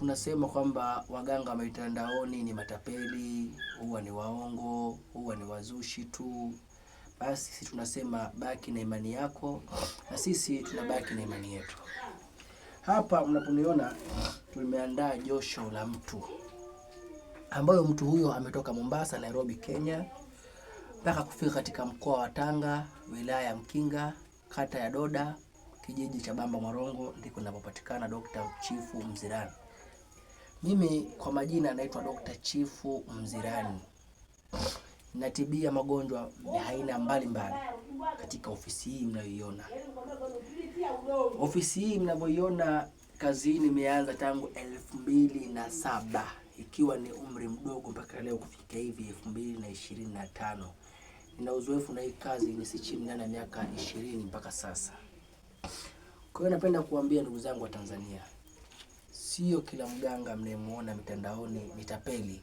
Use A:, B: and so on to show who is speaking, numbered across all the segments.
A: Tunasema kwamba waganga wa mitandaoni ni matapeli, huwa ni waongo, huwa ni wazushi tu. Basi sisi tunasema baki na imani yako, na sisi tunabaki na imani yetu. Hapa mnaponiona tumeandaa josho la mtu ambayo mtu huyo ametoka Mombasa, Nairobi, Kenya mpaka kufika katika mkoa wa Tanga, wilaya ya Mkinga, kata ya Doda, kijiji cha Bamba marongo ndiko inapopatikana Dr. Chifu Mzirani. Mimi kwa majina naitwa Dr. Chifu Mzirani. Natibia magonjwa ya aina mbalimbali katika ofisi hii mnayoiona. Ofisi hii mnavyoiona kazini nimeanza tangu elfu mbili na saba ikiwa ni umri mdogo mpaka leo kufika hivi elfu mbili na ishirini na tano. Nina uzoefu na hii kazi ni si chini ya miaka ishirini mpaka sasa. Kwa hiyo napenda kuambia ndugu zangu wa Tanzania sio kila mganga mnayemwona mitandaoni ni tapeli.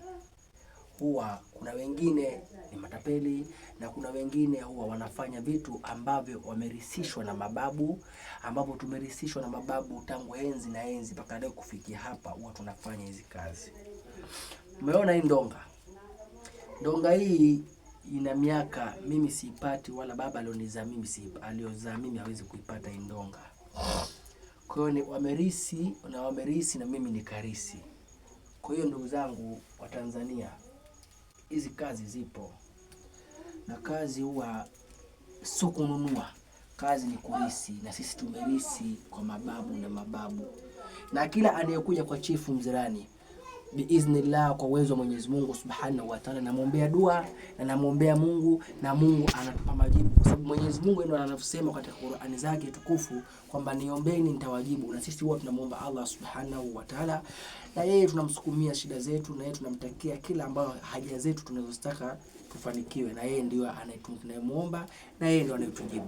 A: Huwa kuna wengine ni matapeli na kuna wengine huwa wanafanya vitu ambavyo wamerisishwa na mababu, ambapo tumerisishwa na mababu tangu enzi na enzi mpaka leo kufikia hapa, huwa tunafanya hizi kazi. Umeona hii ndonga, ndonga hii ina miaka mimi siipati, wala baba alionizaa mimi si aliozaa mimi hawezi kuipata hii ndonga. Kwa hiyo ni wamerisi na wamerisi na mimi ni karisi. Kwa hiyo ndugu zangu wa Tanzania, hizi kazi zipo na kazi huwa sio kununua, kazi ni kurisi, na sisi tumerisi kwa mababu na mababu, na kila anayekuja kwa Chifu Mzirani biiznillah kwa uwezo wa Mwenyezi Mungu Subhanahu wa Ta'ala, namwombea dua na namwombea Mungu na Mungu anatupa majibu. Mwenyezi Mungu ndio anasema katika Qur'ani zake tukufu kwamba niombeni nitawajibu, na sisi huwa tunamuomba Allah Subhanahu wa Ta'ala, na yeye tunamsukumia shida zetu, na yeye tunamtakia kila ambayo haja zetu tunazozitaka tufanikiwe, na yeye ndio anayemuomba, na yeye ndio anayetujibu.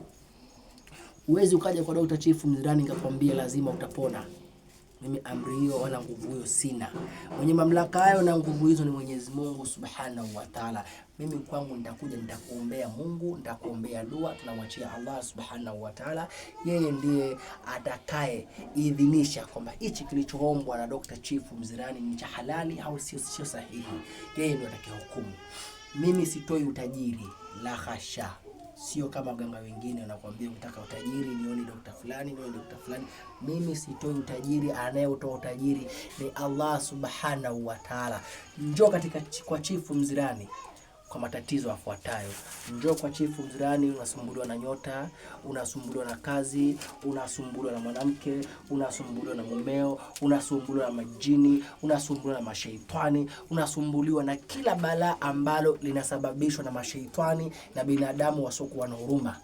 A: Uwezi ukaja kwa Dr. Chief Mzirani ngakwambia lazima utapona. Mimi amri hiyo wala nguvu hiyo sina. Mwenye mamlaka hayo na nguvu hizo ni Mwenyezi Mungu Subhanahu wa Ta'ala. Mimi kwangu nitakuja, nitakuombea Mungu, nitakuombea dua, tunamwachia Allah Subhanahu wa Ta'ala. Yeye ndiye atakaye idhinisha kwamba hichi kilichoombwa na Dr. Chief Mzirani ni cha halali au sio, sio sahihi. Yeye ndiye atakayehukumu. Mimi sitoi utajiri, la hasha. Sio kama waganga wengine wanakuambia utaka utajiri fulani, niwe dokta fulani. Mimi sitoi utajiri, anayetoa utajiri ni Allah subhanahu wa taala. Njoo katika kwa Chifu Mzirani kwa matatizo yafuatayo. Njoo kwa Chifu Mzirani, unasumbuliwa na nyota, unasumbuliwa na kazi, unasumbuliwa na mwanamke, unasumbuliwa na mumeo, unasumbuliwa na majini, unasumbuliwa na masheitani, unasumbuliwa na kila balaa ambalo linasababishwa na masheitani na binadamu wasiokuwa na huruma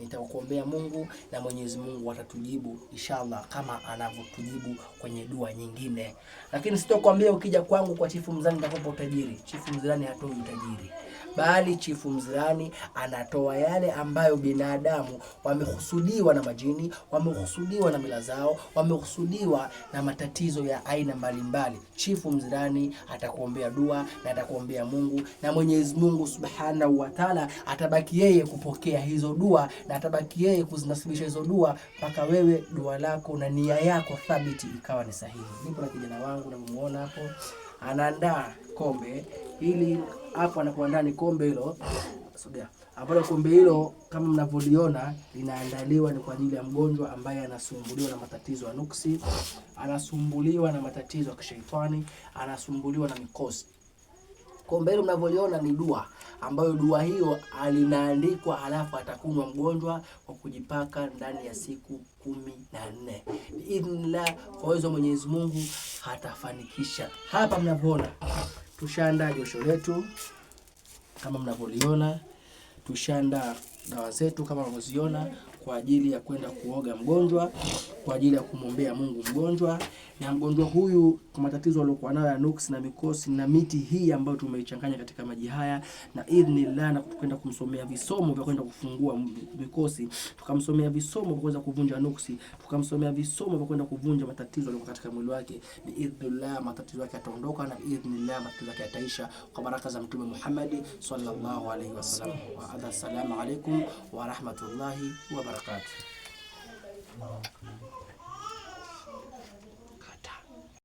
A: nitakuombea Mungu na Mwenyezi Mungu atatujibu inshallah, kama anavyotujibu kwenye dua nyingine. Lakini sitokuambia ukija kwangu kwa Chifu Mzani nitakupa utajiri. Chifu Mzani hatoi utajiri bali chifu Mzirani anatoa yale ambayo binadamu wamehusudiwa na majini, wamehusudiwa na mila zao, wamehusudiwa na matatizo ya aina mbalimbali. Chifu Mzirani atakuombea dua na atakuombea Mungu, na Mwenyezi Mungu Subhanahu wa Ta'ala atabaki yeye kupokea hizo dua na atabaki yeye kuzinasibisha hizo dua mpaka wewe dua lako na nia yako thabiti ikawa ni sahihi. Nipo na kijana wangu, namuona hapo anaandaa kombe ili hapo anakuandaa ni kombe hilo sogea, ambalo kombe hilo kama mnavyoliona linaandaliwa ni kwa ajili ya mgonjwa ambaye anasumbuliwa na matatizo ya nuksi, anasumbuliwa na matatizo ya kishetani, anasumbuliwa na mikosi. Kombe hilo mnavyoliona ni dua ambayo dua hiyo alinaandikwa, halafu atakunywa mgonjwa kwa kujipaka ndani ya siku kumi na nne biidhnillah, kwa uwezo wa Mwenyezi Mungu hatafanikisha. Hapa mnavyoona tushaandaa josho letu kama mnavyoliona, tushaandaa dawa zetu kama mnavyoziona kwa ajili ya kwenda kuoga mgonjwa, kwa ajili ya kumwombea Mungu mgonjwa na mgonjwa huyu kwa matatizo aliyokuwa nayo ya nuksi na mikosi na miti hii ambayo tumeichanganya katika maji haya, na idhnillah, na tukwenda kumsomea visomo vya kwenda kufungua mikosi, tukamsomea visomo vya kuweza kuvunja nuksi, tukamsomea visomo vya kwenda kuvunja matatizo yaliyokuwa katika mwili wake. Biidhnillah, matatizo yake yataondoka, na biidhnillah, matatizo yake yataisha kwa baraka za Mtume Muhammad sallallahu alaihi wasallam. Wa adha, alaikum wa rahmatullahi wa barakatuh. Пока.